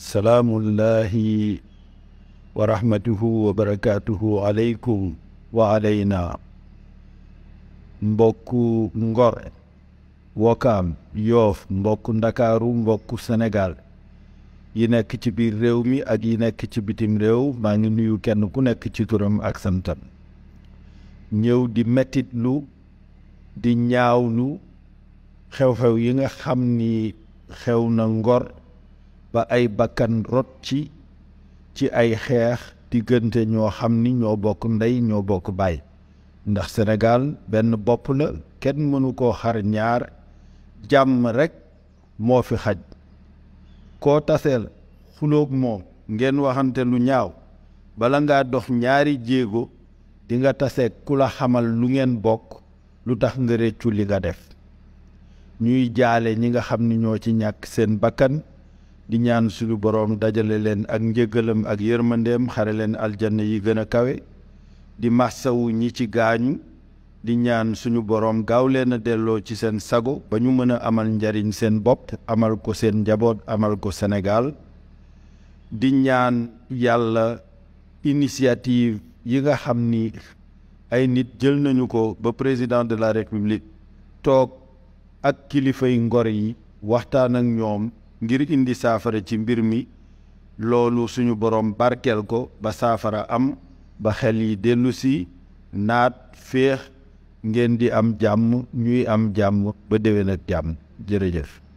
salaamullahi wa rahmatuhu wa barakaatuhu aleykum wa aleyna mbokku Ngor Wokaam Yoof mbokku Ndakaaru mbokku Sénégal yi nekk ci biir réew mi ak yi nekk ci bitim réew maa ngi nuyu kenn ku nekk ci turam ak santam ñëw di lu di ñaawlu xew-xew yi nga xam ni xew na Ngor ba ay bakkan rot ci ci ay xeex diggante ñoo xam ni ñoo bokk ndey ñoo bokk baay ndax Sénégal benn bopp la kenn mënu koo xar ñaar jàmm rekk moo fi xaj koo taseel xuloog moom ngeen waxante lu ñaaw bala ngaa dox ñaari jéego di nga taseeg ku la xamal lu ngeen bokk lu tax nga réccu li nga def ñuy jaale ñi nga xam ni ñoo ci ñàkk seen bakkan di ñaan suñu boroom dajale leen ak njëgalam ak yërmandeem xare leen aljanna yi gën a kawe di màssawu ñi ci gaañu di ñaan suñu boroom gaaw leen a delloo ci seen sago ba ñu mën a amal njariñ seen bopp amal ko seen njaboot amal ko Sénégal di ñaan yàlla initiative yi nga xam ni ay nit jël nañu ko ba président de la république toog ak kilifay ngor yi waxtaan ak ñoom ngir indi saafara ci mbir mi loolu suñu borom barkeel ko ba saafara am ba xel yi dellu si naat féex ngeen di am jàmm ñuy am jàmm ba déwén ak jàmm jërëjëf